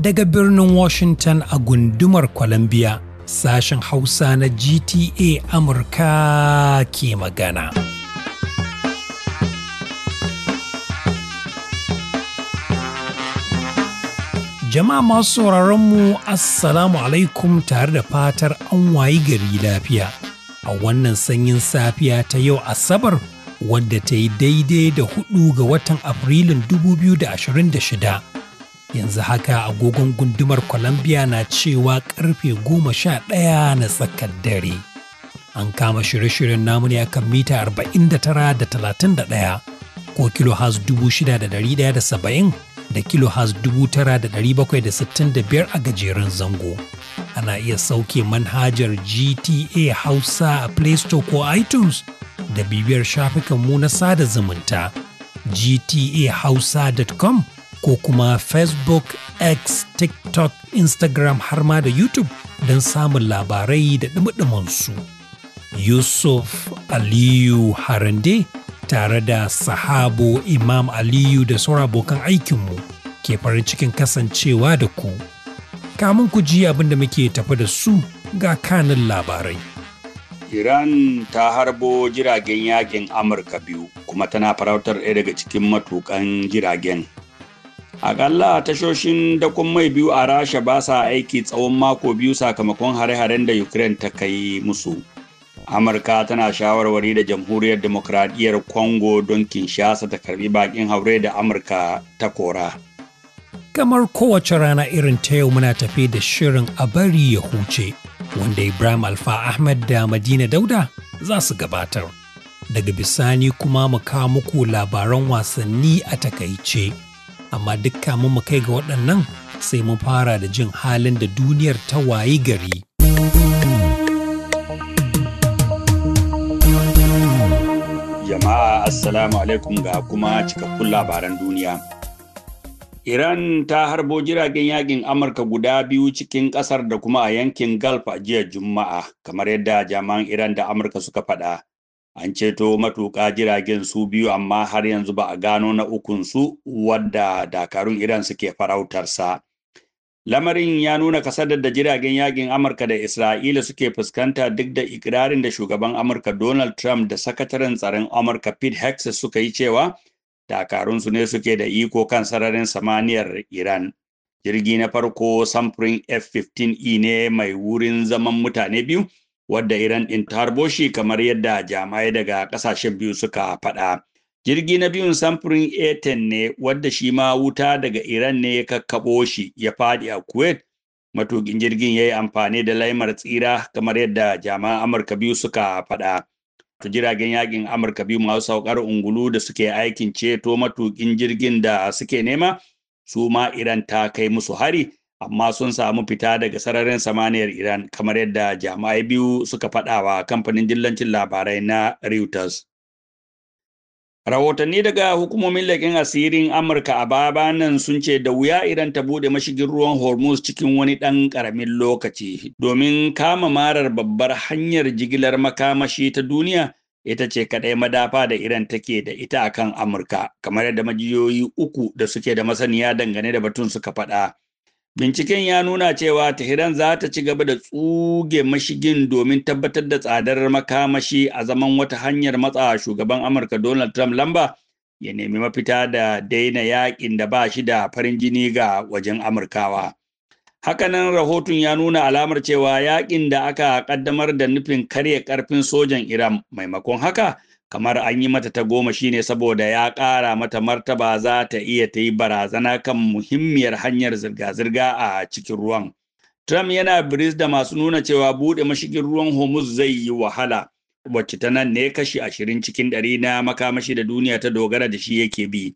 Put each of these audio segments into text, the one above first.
Daga birnin Washington a gundumar Columbia, sashen Hausa na GTA Amurka ke magana. Jama'a masu mu Assalamu alaikum tare da fatar an wayi gari lafiya. A wannan sanyin safiya ta yau Asabar wadda ta yi daidai da hudu ga watan Afrilun 2026. Yanzu haka agogon gundumar Columbia na cewa karfe goma sha ɗaya na tsakar dare. An kama shirye-shiryen namu ne akan mita 49 da 31 ko dubu 6,170 da da biyar a gajeren zango. Ana iya sauke manhajar GTA Hausa a Play Store ko iTunes da bibiyar shafukanmu na sada zumunta gtahausa.com ko kuma Facebook, X, TikTok, Instagram har ma da YouTube don samun labarai da su. Yusuf Aliyu Harande tare da sahabo Imam Aliyu da sauran abokan aikinmu ke farin cikin kasancewa da ku. Kamun ku ji abin da muke tafi da su ga kanin labarai. Iran ta harbo jiragen yakin Amurka biyu kuma tana farautar ɗaya daga cikin matukan jiragen. Akalla tashoshin dakon mai biyu a Rasha ba sa aiki tsawon mako biyu sakamakon hare-haren da Ukraine ta kai musu. Amurka tana shawarwari da Jamhuriyar Demokradiyyar Kongo don Kinshasa ta karbi bakin haure da Amurka ta kora. Kamar kowace rana irin ta yau muna tafi da shirin a bari ya huce. wanda Ibrahim Alfa Ahmad da Madina Dauda za su gabatar. Daga bisani kuma mu kawo muku labaran wasanni a takaice. Amma dukka mu kai ga waɗannan sai mu fara da jin halin da duniyar ta wayi gari. Jama'a Assalamu alaikum ga kuma cikakkun labaran duniya. Iran ta harbo jiragen yakin Amurka guda biyu cikin ƙasar da kuma a yankin Gulf a jiya Juma'a, kamar yadda jaman Iran da Amurka suka faɗa. An ceto matuƙa jiragen su biyu amma har yanzu ba a gano na ukun su wadda dakarun Iran suke farautarsa. Lamarin ya nuna kasadar da jiragen yakin Amurka da Isra'ila suke fuskanta duk da ikirarin da shugaban Amurka Donald Trump da sakataren tsaron Amurka Pete Hexas suka yi cewa Takarunsu ne suke da iko kan sararin samaniyar Iran. Jirgi na farko samfurin F-15E ne mai wurin zaman mutane biyu, wadda Iran ɗin ta harbo shi kamar yadda jama'ai daga ƙasashen biyu suka faɗa. Jirgi na biyun samfurin A-10 ne wadda shi ma wuta daga Iran ne ya kakkaɓo shi ya faɗi a Kuwait. Matukin jirgin ya yi amfani da laimar tsira kamar yadda jama'an Amurka biyu suka faɗa. jiragen yakin Amurka biyu masu saukar ungulu da suke aikin ceto matukin jirgin da suke nema su ma Iran ta kai musu hari amma sun samu fita daga sararin samaniyar Iran kamar yadda jami'ai biyu suka faɗawa kamfanin dillancin labarai na Reuters. Rahotanni daga hukumomin leƙen asirin Amurka a baba nan sun ce da wuya Iran ta buɗe mashigin ruwan Hormuz cikin wani ɗan ƙaramin lokaci domin kama marar babbar hanyar jigilar makamashi ta duniya ita ce kaɗai madafa da Iran take da ita akan Amurka kamar yadda majiyoyi uku da suke da masaniya dangane da batun suka faɗa. Binciken ya nuna cewa Tehran za ta ci gaba da tsuge mashigin domin tabbatar da tsadar makamashi a zaman wata hanyar matsa shugaban Amurka Donald Trump lamba ya nemi mafita da daina yakin da ba shi da farin jini ga wajen Amurkawa. Hakanan rahoton ya nuna alamar cewa yakin da aka kaddamar da nufin karya karfin sojan Iran maimakon haka kamar an yi mata ta goma shi ne saboda ya ƙara mata martaba za ta iya ta yi barazana kan muhimmiyar hanyar zirga-zirga a cikin ruwan. Trump yana biris da masu nuna cewa buɗe mashigin ruwan Hormuz zai yi wahala, wacce ta nan ne kashi ashirin cikin ɗari na makamashi da duniya ta dogara da shi yake bi.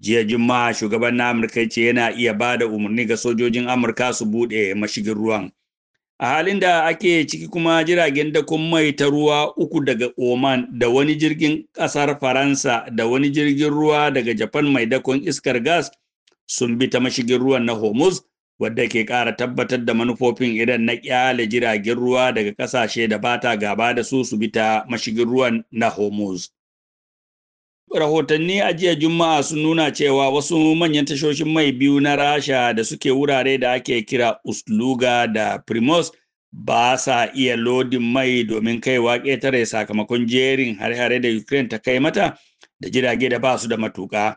Jiya Juma'a shugaban na Amurka ce yana iya ba da umarni ga sojojin Amurka su buɗe mashigin ruwan. a halin da ake ciki kuma jiragen dakon mai ta ruwa uku daga oman da wani jirgin ƙasar faransa da wani jirgin ruwa daga japan mai dakon iskar gas sun bi ta mashigin ruwan na hormuz wadda ke ƙara tabbatar da manufofin idan na ƙyale jiragen ruwa daga ƙasashe da bata gaba da su su bi ta mashigin ruwan na hormuz rahotanni a jiya juma'a sun nuna cewa wasu manyan tashoshin mai biyu na rasha da suke wurare da ake kira usluga da primos ba sa iya lodin mai domin kaiwa ƙetare sakamakon jerin hare-hare da ukraine ta kai mata da jirage da ba su da matuƙa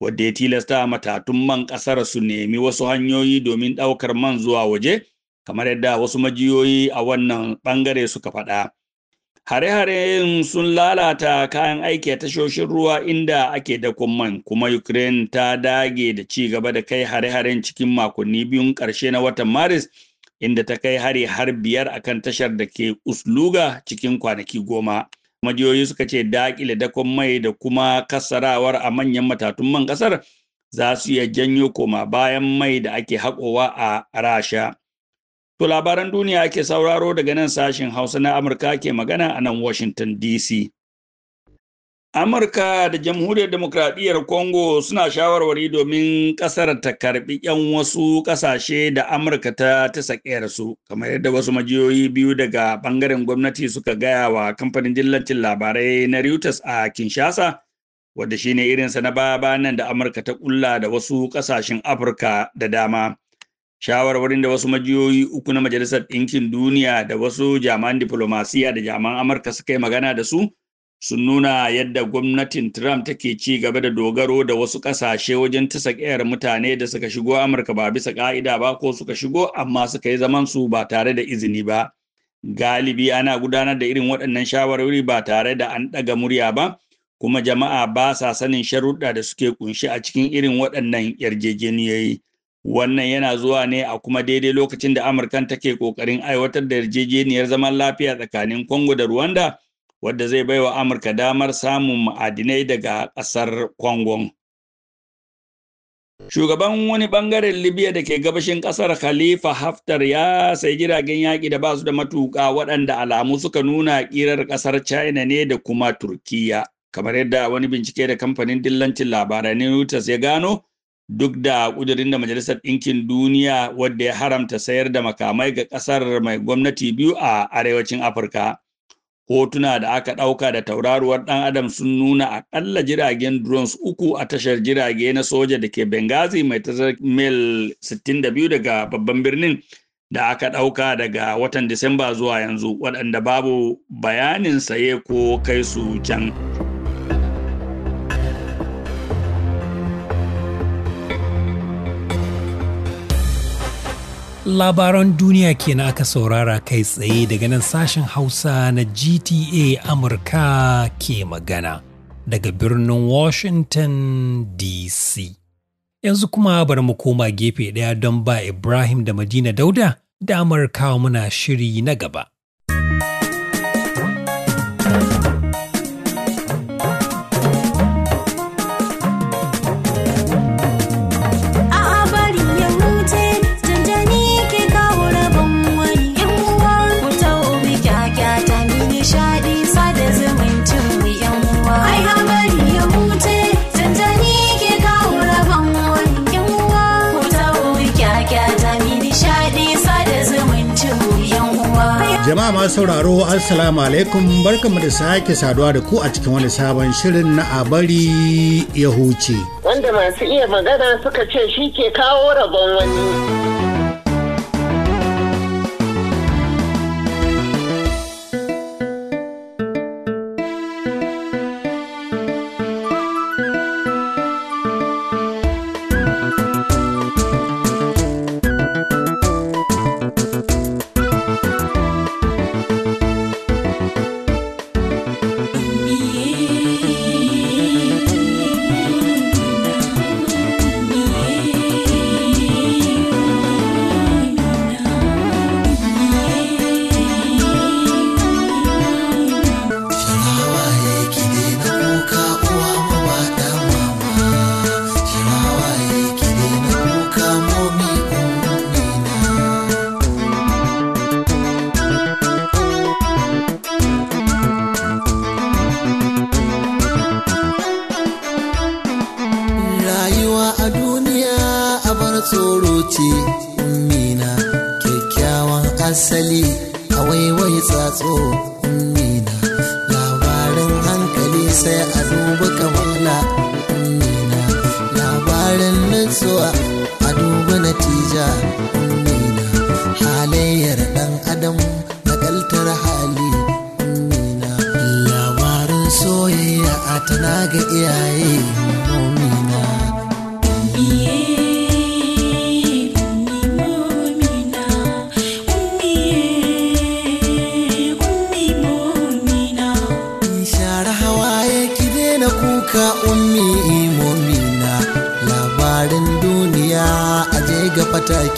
wadda ya tilasta matatun man ƙasar su nemi wasu hanyoyi domin ɗaukar man zuwa waje kamar yadda wasu majiyoyi a wannan ɓangare suka faɗa. hare hare sun lalata kayan aiki a tashoshin ruwa inda ake da man kuma Ukraine ta dage da ci gaba da kai hare-haren cikin makonni biyun ƙarshe na watan Maris inda ta kai hari har biyar a kan tashar da ke Usluga cikin kwanaki goma. Majiyoyi suka ce daƙile dakon mai da kuma kasarawar a manyan matatun man ƙasar za su iya janyo koma bayan mai da ake haƙowa a Rasha. To labaran duniya ke sauraro daga nan sashen Hausa na Amurka ke magana a nan Washington DC. Amurka da Jamhuriyar Demokradiyyar Congo suna shawarwari domin ƙasar ta karɓi 'yan wasu ƙasashe da Amurka ta ta su, kamar yadda wasu majiyoyi biyu daga ɓangaren gwamnati suka gaya wa kamfanin dillancin labarai na Reuters a Kinshasa, wadda shine irinsa na baba nan da Amurka ta ƙulla da wasu ƙasashen Afirka da dama. shawarwarin da wasu majiyoyi uku na majalisar ɗinkin duniya da wasu jami'an diplomasiya da jami'an amurka suka yi magana da su sun nuna yadda gwamnatin trump take ci gaba da dogaro da wasu ƙasashe wajen tasa ƙiyar mutane da suka shigo amurka ba bisa ƙa'ida ba ko suka shigo amma suka yi zaman su ba tare da izini ba galibi ana gudanar da irin waɗannan shawarwari ba tare da an ɗaga murya ba kuma jama'a ba sa sanin sharuɗa da suke ƙunshi a cikin irin waɗannan yarjejeniyoyi Wannan yana zuwa ne a kuma daidai lokacin da Amurkan take kokarin aiwatar da yarjejeniyar zaman lafiya tsakanin Congo da Rwanda, wadda zai bai wa Amurka damar samun ma'adinai daga ƙasar Congo. Shugaban wani bangaren Libya da ke gabashin ƙasar Khalifa Haftar ya sai jiragen yaƙi da basu da matuƙa waɗanda alamu suka nuna ƙirar ƙasar China ne da kuma Turkiyya. Kamar yadda wani bincike da kamfanin dillancin labarai Reuters ya gano, duk da kudirin da Majalisar Ɗinkin Duniya wadda ya haramta sayar da makamai ga ƙasar mai gwamnati biyu a arewacin Afirka. Hotuna da aka ɗauka da tauraruwar ɗan Adam sun nuna aƙalla jiragen drones uku a tashar jirage na soja da ke Benghazi mai tazar mil 62 daga babban birnin da aka ɗauka daga watan Disamba zuwa yanzu waɗanda babu bayanin saye ko kai su can. labaran duniya kenan aka saurara kai tsaye daga nan sashen hausa na gta amurka ke magana daga birnin washington dc yanzu kuma bari mu koma gefe ɗaya don ba ibrahim da madina dauda da kawo muna shiri na gaba masu sauraro assalamu alaikum barkamu da sake saduwa da ku a cikin wani sabon shirin na abari ya huce. Wanda masu iya magana suka ce shi ke kawo rabon wani.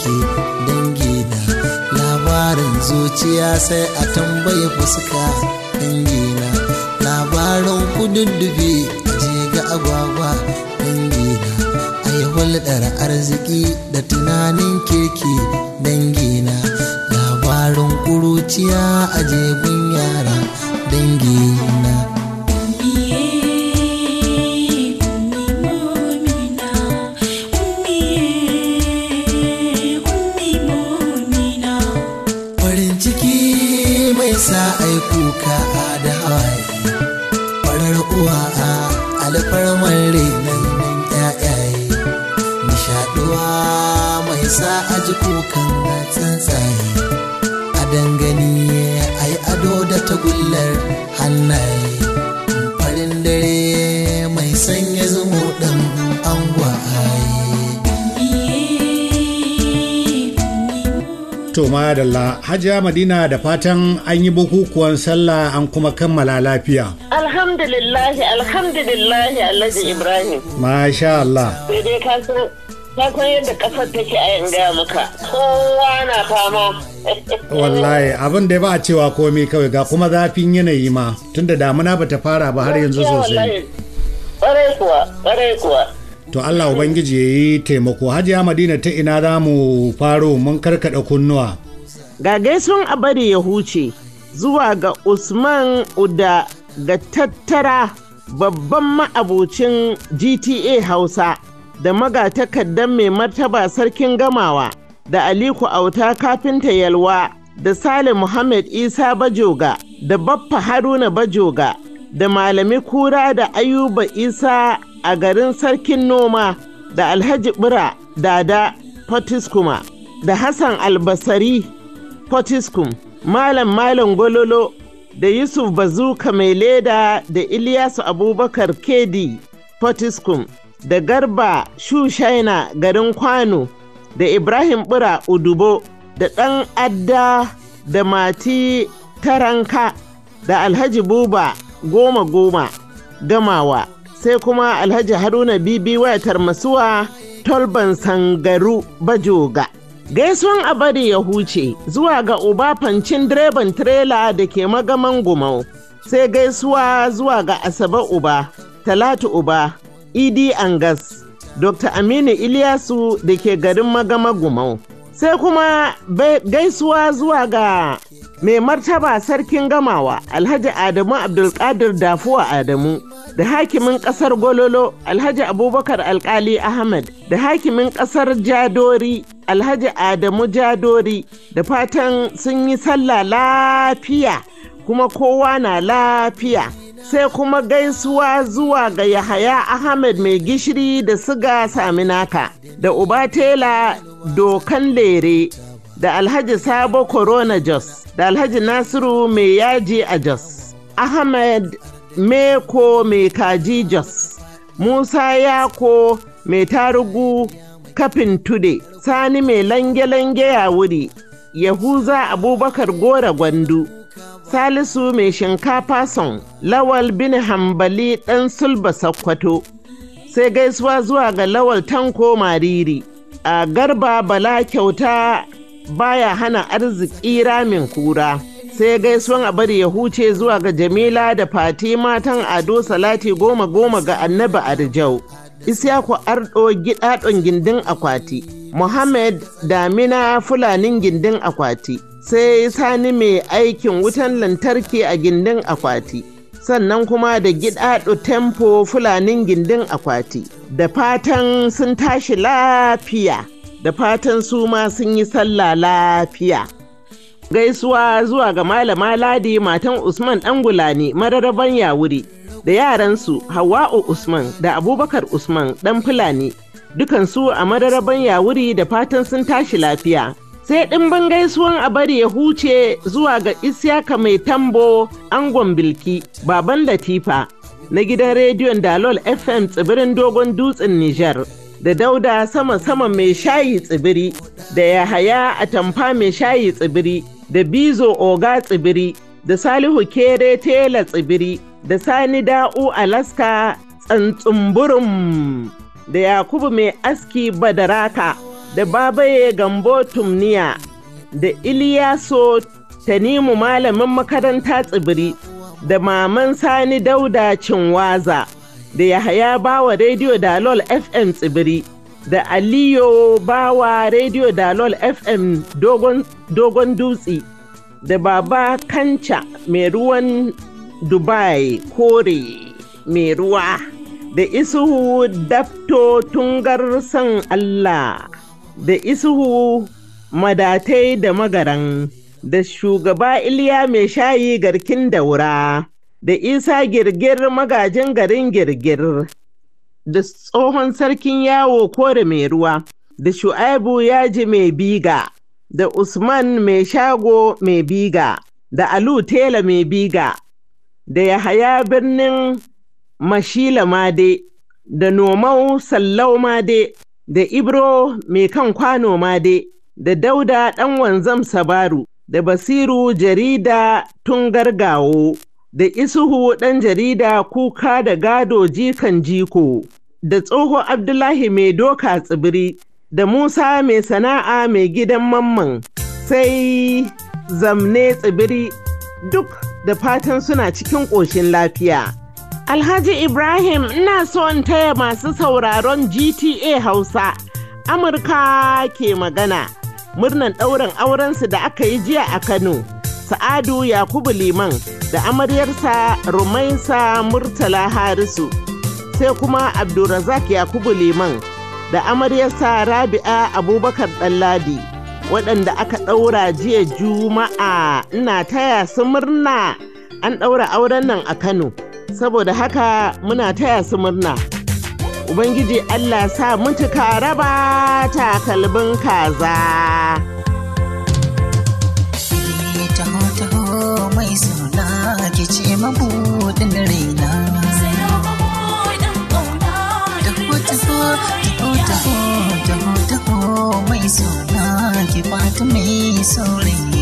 ke dangina labarin zuciya sai a tambaye fuska dangina labarin kududdufi a je ga agwagwa dangina a yi hulɗar arziki da tunanin keke. dangina labarin kuruciya a jegun yara sa a ji kukan tsuntsaye a dangane yi ado da tagullar hannaye farin dare mai sanya zumo ɗan angwaye To madalla Hajiya Madina da fatan an yi bukukuwan sallah an kuma kammala lafiya. Alhamdulillahi alhamdulillahi allah Ibrahim. Masha Allah. ka yadda kasar take a yin gaya maka kowa na fama wallahi abin da ba a cewa komai kawai ga kuma zafin yanayi ma tunda damuna bata fara ba har yanzu sosai to Allah ubangiji ya yi taimako hajiya madina ta ina za mu faro mun karkada kunnuwa ga sun a bari ya huce zuwa ga usman uda ga tattara babban ma'abocin gta hausa da magatakardan mai martaba sarkin gamawa da Aliko Auta kafinta Yalwa da Salim Muhammad Isa Bajoga da Baffa Haruna Bajoga da Malami Kura da Ayuba Isa a garin Sarkin Noma da Alhaji Bura Dada Potiskuma da Hassan Albasari Potiskum Malam Malam Gololo da Yusuf Bazuka Mai Leda da Ilyasu Abubakar Kedi Potiskum da Garba Shushaina garin Kwano da Ibrahim Bura Udubo da ɗan adda da mati taranka da Alhaji Buba goma goma gamawa sai kuma Alhaji Haruna Bibi wayatar masuwa Tolban Sangaru Bajoga. Gaisuwan a bari ya huce zuwa ga uba fancin direban tirela da ke magaman gumau sai gaisuwa zuwa ga Asabe Uba, Talatu Uba, Idi Angas, Dr. Aminu iliyasu da ke garin Magama Gumau. Sai kuma gaisuwa zuwa ga mai martaba sarkin gamawa Alhaji Adamu Abdulkadir Dafuwa Adamu da hakimin kasar Gololo Alhaji Abubakar Alkali Ahmad da hakimin kasar Jadori Alhaji Adamu Jadori da fatan sun yi sallah lafiya kuma kowa na lafiya. sai kuma gaisuwa zuwa ga Yahaya Ahmed mai gishiri da siga Saminaka da Ubatela Tela Dokan Lere da Alhaji Sabo Corona Jos da Alhaji Nasiru mai yaji a Jos, Ahmed Meko mai kaji Jos, Musa Yako mai tarugu kafin tude, Sani mai lange-lange ya wuri, Yahuza Abubakar Gora Gwandu. Salisu mai shinkafa son Lawal bin Hambali ɗan Sulba Sakkwato. Sai gaisuwa zuwa ga Lawal Tanko Mariri. A garba bala kyauta baya hana arziki ramin kura. Sai gaisuwan a bari ya huce zuwa ga Jamila da Fati matan Ado Salati goma goma ga Annabi Arjau. Isyaku Arɗo, gidaɗon gindin akwati. Muhammad Damina Fulanin gindin akwati, sai Sani mai aikin wutan lantarki a gindin akwati, sannan kuma da gidaɗo tempo Fulanin gindin akwati. Da fatan sun tashi lafiya, da fatan su ma sun yi sallah lafiya. Gaisuwa zuwa ga Malama Ladi matan Usman Ɗangulani mararaban yawuri da yaransu Hawa'u Usman da Abubakar Usman ɗan Fulani. dukansu a madaraban yawuri da fatan sun tashi lafiya. Sai ɗimbin gaisuwan a bari ya huce zuwa ga Isyaka mai tambo angon bilki baban Latifa na gidan rediyon Dalol FM tsibirin dogon dutsen Nijar. Da dauda sama-sama mai shayi tsibiri, da yahaya a tamfa mai shayi tsibiri, da bizo oga tsibiri, da salihu kere tela tsibiri, da sani da'u alaska tsantsumburum da Yakubu mai aski badaraka da babaye gambo tumniya da Iliyaso tanimu malamin makaranta tsibiri da maman sani dauda cinwaza da yahaya bawa rediyo dalol fm tsibiri da aliyo bawa rediyo dalol fm dogon, dogon dutse da baba kanca mai ruwan dubai kore mai ruwa da isuhu dafto tungar san Allah da isuhu madatai da magaran da shugaba Iliya mai shayi garkin daura da isa girgir magajin garin girgir da tsohon sarkin yawo kore mai ruwa da shu'aibu yaji mai biga da usman mai shago mai biga da alu tela mai biga da yahaya birnin Mashila Made da Nomau Sallau Made da Ibro Mai Kan Kwano Made da Dauda Ɗan Wanzam Sabaru da Basiru Jarida tun Gargawo, da Isuhu Ɗan Jarida Kuka da Gado Jikan Jiko da Tsoho Abdullahi Mai Doka Tsibiri da Musa Mai Sana'a Mai Gidan Mamman sai Zamne Tsibiri duk da fatan suna cikin ƙoshin lafiya. Alhaji Ibrahim ina so in taya masu sauraron GTA Hausa, Amurka ke magana, murnan ɗaurin aurensu da aka yi jiya a Kano, Sa'adu Yakubu Liman da amaryarsa Rumaisa Murtala Harisu, sai kuma Abdulrazak Yakubu Liman da amaryarsa Rabi'a Abubakar Ɗanladi, waɗanda aka ɗaura jiya Juma'a ina taya su murna an ɗaura auren nan a Kano. saboda haka muna taya su murna ubangiji allah sa mutuka raba takalmin kaza mai suna ke mabuɗin raina taho taho mai suna ke mai saurayi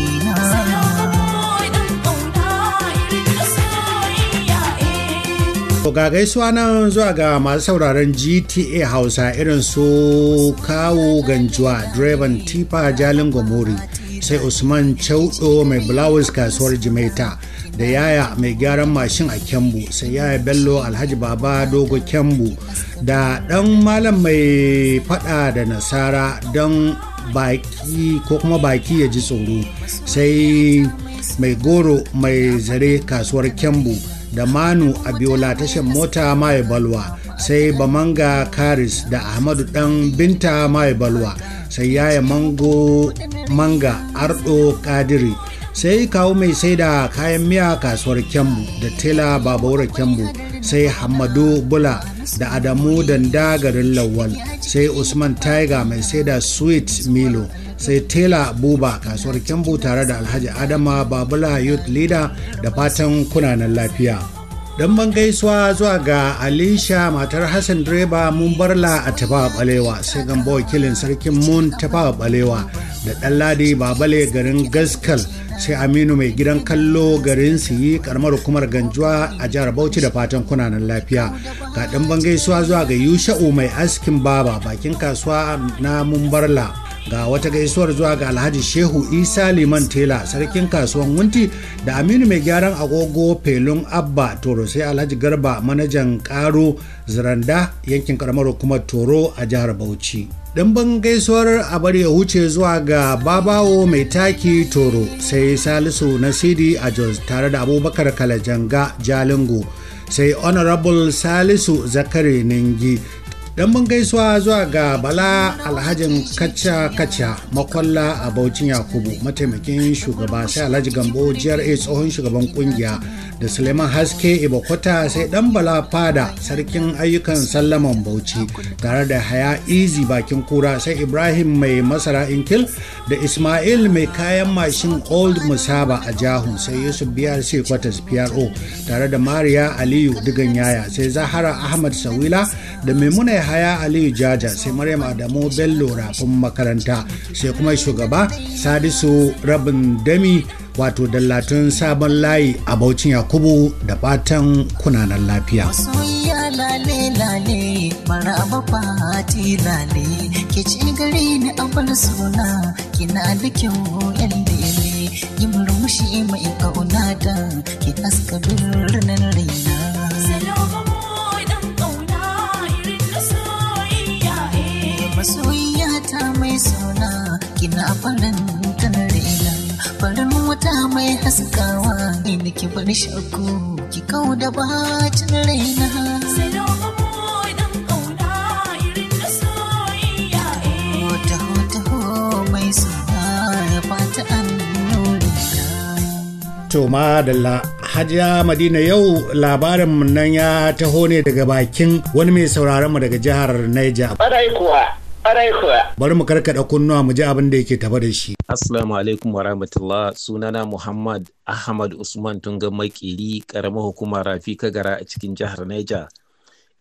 To ga gaisuwa nan zuwa ga masu sauraron GTA Hausa irin su kawo ganjuwa direban tifa jalin gomori sai Usman Chauɗo mai blouse kasuwar Jimaita da yaya mai gyaran mashin a Kyambu sai yaya Bello Alhaji Baba Dogo Kyambu da ɗan malam mai fada da nasara don baki ko kuma baki ya ji tsoro sai mai goro mai zare kasuwar Kyambu. da manu abiola tashar mota mai balwa sai bamanga karis da ahmadu dan binta mai balwa sai yaya mango manga ardo kadiri sai kawo mai sai da kayan miya kasuwar kyambu da tela babawar kyambu sai hamadu bula da adamu danda garin lawal sai usman tiger mai sai da sweet milo sai Taylor buba kasuwar kyambu tare da alhaji adama babula youth leader da fatan kunanan lafiya don ban gaisuwa zuwa ga alisha matar hassan direba mun barla a tafawa balewa sai gamba wakilin sarkin mun tafawa balewa da ɗanladi babale garin gaskal sai aminu mai gidan kallo garin su yi karamar hukumar ganjuwa a jihar bauchi da fatan kunanan lafiya ga ɗan gaisuwa zuwa ga yusha'u mai askin baba bakin kasuwa na mumbarla ga wata gaisuwar zuwa ga alhaji shehu isa liman tela sarkin kasuwan wunti da aminu mai gyaran agogo felun abba toro sai alhaji garba manajan karo ziranda yankin karamar hukumar toro a jihar bauchi ɗimbin gaisuwar a abar ya wuce zuwa ga babawo mai taki toro sai salisu na Sidi a jos tare da abubakar kalajanga jalingo sai honorable salisu zakari ningi dan mun gaisuwa zuwa ga bala alhajin kacca kacca makwalla a baucin yakubu mataimakin shugaba sai alhaji gambo gra tsohon shugaban kungiya da suleiman haske ibokota sai dan bala fada sarkin ayyukan sallaman bauchi tare da haya izi bakin kura sai ibrahim mai masara inkil da ismail mai kayan mashin old musaba a jahun sai yusuf brc kwatas pro tare da mariya aliyu digan yaya sai zahara ahmad sawila da maimuna yahaya aliyu jaja sai maryam adamu bello rafin makaranta sai kuma shugaba sadisu rabin dami wato dallatun sabon layi a baucin yakubu da fatan kunanan lafiya yi murmushi mai da ki haska haskawa inda ke bar shakku ki kau da bacin raina To madalla Hajiya Madina yau labarin nan ya taho ne daga bakin wani mai sauraron mu daga jihar Niger. Barai kuwa Ƙwarai Bari mu karkaɗa kunnuwa mu ji abin da yake tafa da shi. Assalamu alaikum wa rahmatullah sunana Muhammad Ahmad Usman Tunga Makiri ƙaramar hukumar Rafi Kagara a cikin jihar Niger.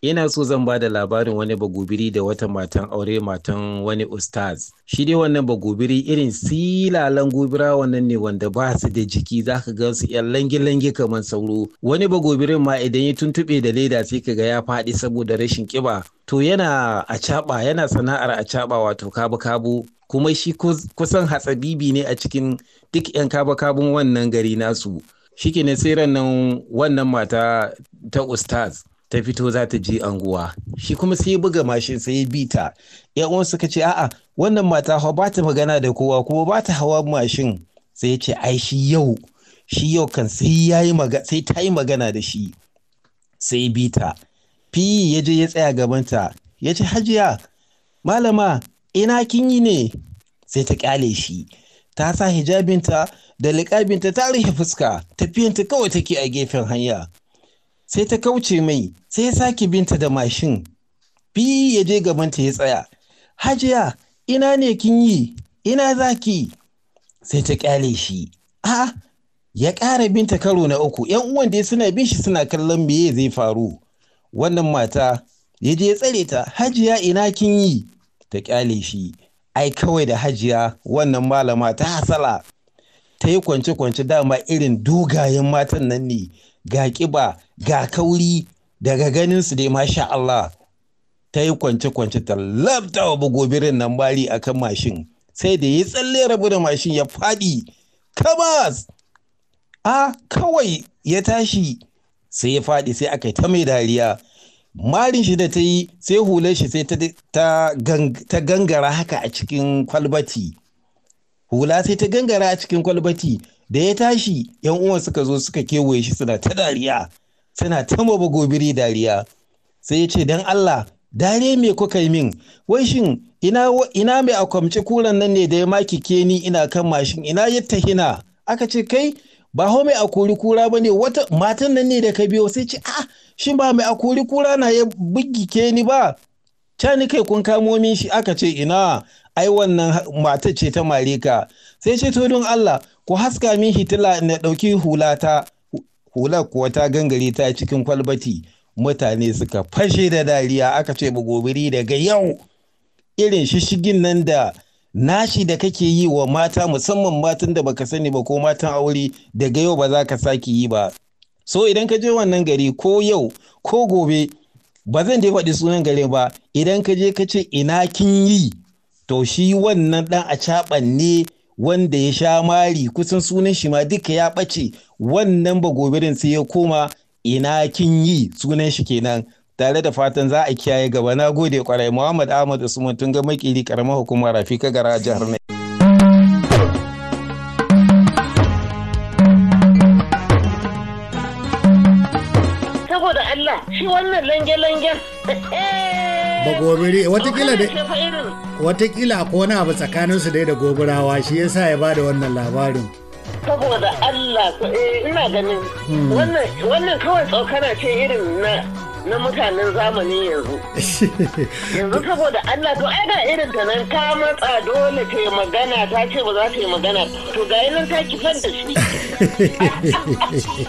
ina so zan ba da labarin wani bagubiri da wata matan aure matan wani ustaz shi dai wannan bagubiri irin silalan gobira wannan ne wanda ba su da jiki za ka gan su yan langi-langi kamar sauro wani bagubirin ma idan ya tuntuɓe da leda sai ka ga ya faɗi saboda rashin ƙiba to yana a yana sana'ar a wato kabu-kabu kuma shi kusan hatsabibi ne a cikin duk 'yan kabu kabun wannan gari nasu shi ne sai ran nan wannan mata ta ustaz ta fito za ta je anguwa shi kuma sai ya buga mashin sai ya bi ta yan uwan suka ce a'a wannan mata hawa ba ta magana da kowa kuma ba ta hawa mashin sai ya ce ai shi yau shi yau kan sai ya yi sai ta yi magana da shi sai ya bi ta fi ya je ya tsaya gabanta ya ce hajiya malama ina kin yi ne sai ta kyale shi ta sa hijabinta da liƙabinta ta rufe fuska tafiyanta kawai take a gefen hanya sai ta kauce mai sai ya sake binta da mashin bi ya je gabanta ya tsaya hajiya ina ne kin yi ina za ki sai ta kyale shi a ya ƙara binta karo na uku yan uwan dai suna bin shi suna kallon meye zai faru wannan mata ya je ya tsare ta hajiya ina kin yi ta kyale shi ai kawai da hajiya wannan malama ta hasala ta yi kwance-kwance dama irin dugayen matan nan ne ga ƙiba ga kauri daga ganin su dai masha Allah ta yi kwance-kwance ta labta wa bugobirin nan bari akan mashin sai da ya tsalle rabu da mashin ya faɗi kamas. a kawai ya tashi sai ya faɗi sai aka yi ta mai dariya marin shi da ta yi sai hular shi sai ta gangara haka a cikin kwalbati hula sai ta gangara a cikin kwalbati da ya tashi yan uwan suka zo suka kewaye shi suna ta dariya suna ta maba dariya sai ya ce dan Allah dare me kuka yi min wai shin ina ina mai akwamce kuran nan ne da ya ke ni ina kan mashin ina ya hina aka ce kai ba ho mai akori kura ba ne wata matan nan ne da ka biyo sai ce ah shin ba mai akori kura na ya ke ni ba ta ni kai kun kamo min shi aka ce ina ai wannan mata ce ta mare ka sai ce to don Allah ku haska min hitila na ɗauki hulata hular kuwa ta gangare ta cikin kwalbati mutane suka fashe da dariya aka ce bugobiri daga yau irin shishigin nan da nashi da kake yi wa mata musamman matan da baka sani ba ko matan aure daga yau ba za ka sake yi ba so idan ka je wannan gari ko yau ko gobe ba zan je faɗi sunan gare ba idan ka je ka ce ina kin yi to shi wannan ɗan a caɓan ne wanda ya sha mari kusan sunan shi ma duka ya ɓace wannan ba gobirin sai ya koma ina kin yi sunan shi kenan tare da fatan za a kiyaye gaba na gode kwarai muhammad ahmad usman tun ga makiri karamar hukumar rafika gara jihar nai. saboda allah shi wannan lange lange eh, ba gobiri watakila dai watakila ko wani abu su dai da gobirawa shi yasa ya bada wannan labarin saboda Allah eh, ina ganin hmm. wannan kawai tsokana ce irin na na mutanen zamani yanzu yanzu saboda Allah to ai ga irin ta nan ka matsa dole ta yi magana ta ce ba za ta yi magana to ga nan ta kifar da shi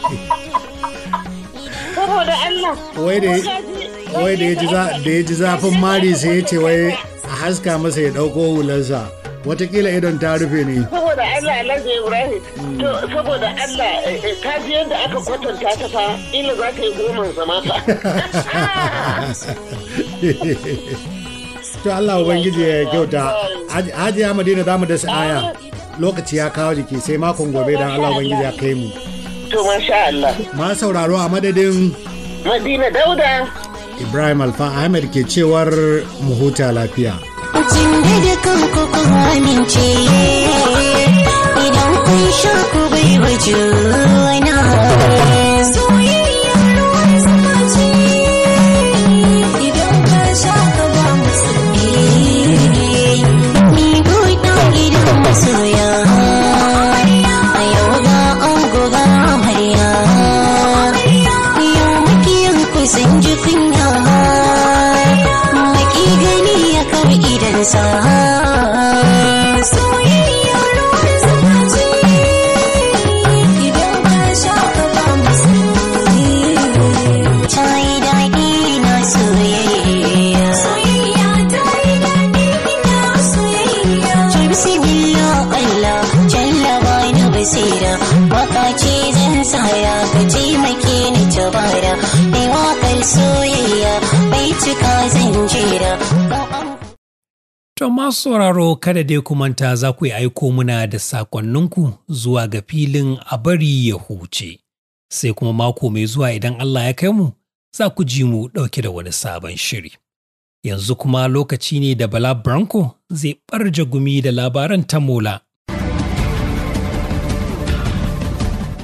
saboda Allah wai da wai da ya ji zafin mari sai ya ce wai a haska masa ya ɗauko hularsa watakila idon ta rufe ne saboda Allah Alhaji Ibrahim to saboda Allah eh, eh, ka ji yadda aka kwatanta ta fa ila za ka yi goman zama mata to Allah ubangiji ya kyauta Hajiya Madina za mu da aya lokaci ya kawo jiki sai makon gobe dan Allah ubangiji ya kai mu to masha Allah ma sauraro a madadin Madina Dauda ibrahim alfa ahmed ke cewar mu huta lafiya idan kun sha ku bai wajen wani sama Masu sauraro kada dai kumanta za ku yi aiko muna da sakonninku zuwa ga filin a bari ya huce. Sai kuma mako mai zuwa idan Allah ya kai mu za ku ji mu ɗauke da wani sabon shiri. Yanzu kuma lokaci ne da Bala Branko zai ɓarje gumi da labaran ta Mola.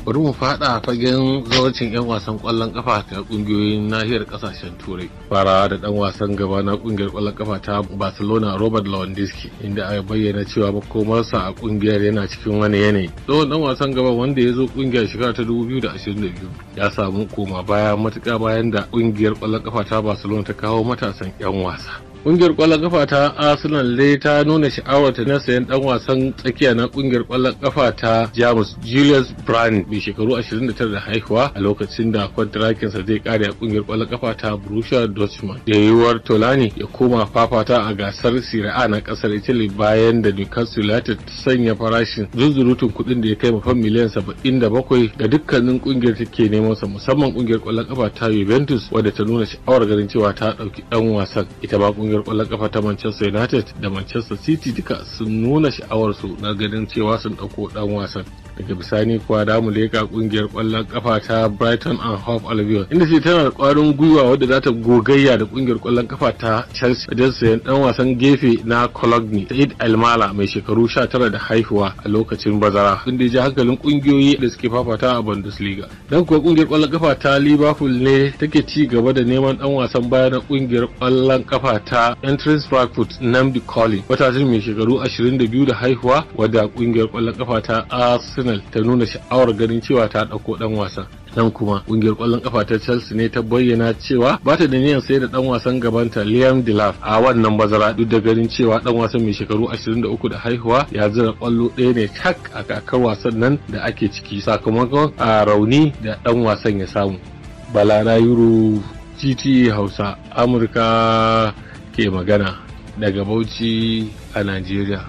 bari mu fada fagen zawarcin 'yan wasan kwallon kafa ta kungiyoyin nahiyar kasashen turai fara da dan wasan gaba na kungiyar kwallon kafa ta barcelona robert lewandowski inda a bayyana cewa makomarsa a kungiyar yana cikin wani yanayi tsohon dan wasan gaba wanda ya zo kungiyar shekara ta 2022 ya samu koma baya matuka bayan da kungiyar kwallon kafa ta barcelona ta kawo matasan 'yan wasa Ƙungiyar ƙwallon kafa ta Arsenal dai ta nuna ta na sayan dan wasan tsakiya na kungiyar ƙwallon kafa ta Jamus Julius Brand mai shekaru 29 da haihuwa a lokacin da sa zai kare a ƙungiyar ƙwallon kafa ta Borussia Dortmund. Da yiwuwar Tolani ya koma fafata a gasar Serie A na ƙasar Italy bayan da Newcastle United sanya farashin zuzurutun kuɗin da ya kai mafan miliyan 77 ga dukkanin ƙungiyar ke neman sa musamman ƙungiyar ƙwallon kafa ta Juventus wadda ta nuna sha'awar ganin cewa ta dauki dan wasan ita ma kungiyar kwallon kafa ta Manchester United da Manchester City duka sun nuna sha'awarsu na ganin cewa sun ɗauko ɗan wasan. Daga bisani kuwa mu leka kungiyar kwallon kafa ta Brighton and Hove Albion inda ce tana da kwarin gwiwa wadda za ta gogayya da kungiyar kwallon kafa ta Chelsea wajen sayan dan wasan gefe na Cologne Said Almala mai shekaru 19 da haihuwa a lokacin bazara inda ya ji hankalin kungiyoyi da suke fafata a Bundesliga. Dan kuwa kungiyar kwallon kafa ta Liverpool ne take ci gaba da neman ɗan wasan baya na kungiyar kwallon kafa ta Entrance Frankfurt Namdi Colley wata mai shekaru 22 da haihuwa wadda kungiyar kwallon kafa ta Arsenal ta nuna sha'awar ganin cewa ta ɗauko ɗan wasa. nan kuma kungiyar kwallon kafa ta Chelsea ne ta bayyana cewa ba ta da niyyar sai da dan wasan gabanta Liam Delaf a wannan bazara duk da ganin cewa dan wasan mai shekaru 23 da haihuwa ya zira kwallo ɗaya ne tak a kakar wasan nan da ake ciki sakamakon a rauni da dan wasan ya samu. Bala na Yuro GTA e Hausa Amurka ke magana daga Bauchi a Najeriya.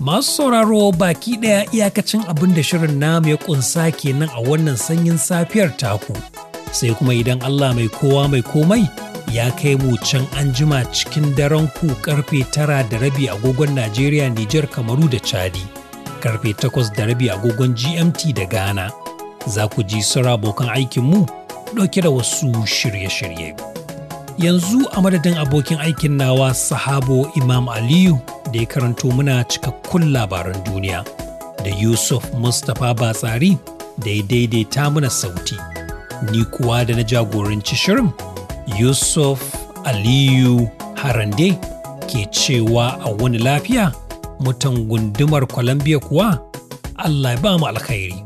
Masu sauraro baki ɗaya iyakacin abin da shirin namu ya ƙunsa kenan a wannan sanyin safiyar taku. Sai kuma idan Allah mai kowa mai komai ya kai mu can anjima cikin daren ku karfe tara da rabi agogon Najeriya, Nijar, Kamaru da Chadi. Karfe takwas da rabi agogon GMT da Ghana. Za ku ji sura abokan mu? ɗauke da wasu shirye-shirye. Yanzu a madadin abokin aikin nawa sahabo Imam Aliyu da ya karanto muna cikakkun labaran duniya da Yusuf Mustapha Batsari da ya daidaita mana sauti. Ni kuwa da na jagoranci shirin Yusuf Aliyu Harande ke cewa a wani lafiya mutan gundumar Columbia kuwa Allah ya ba mu alkhairi.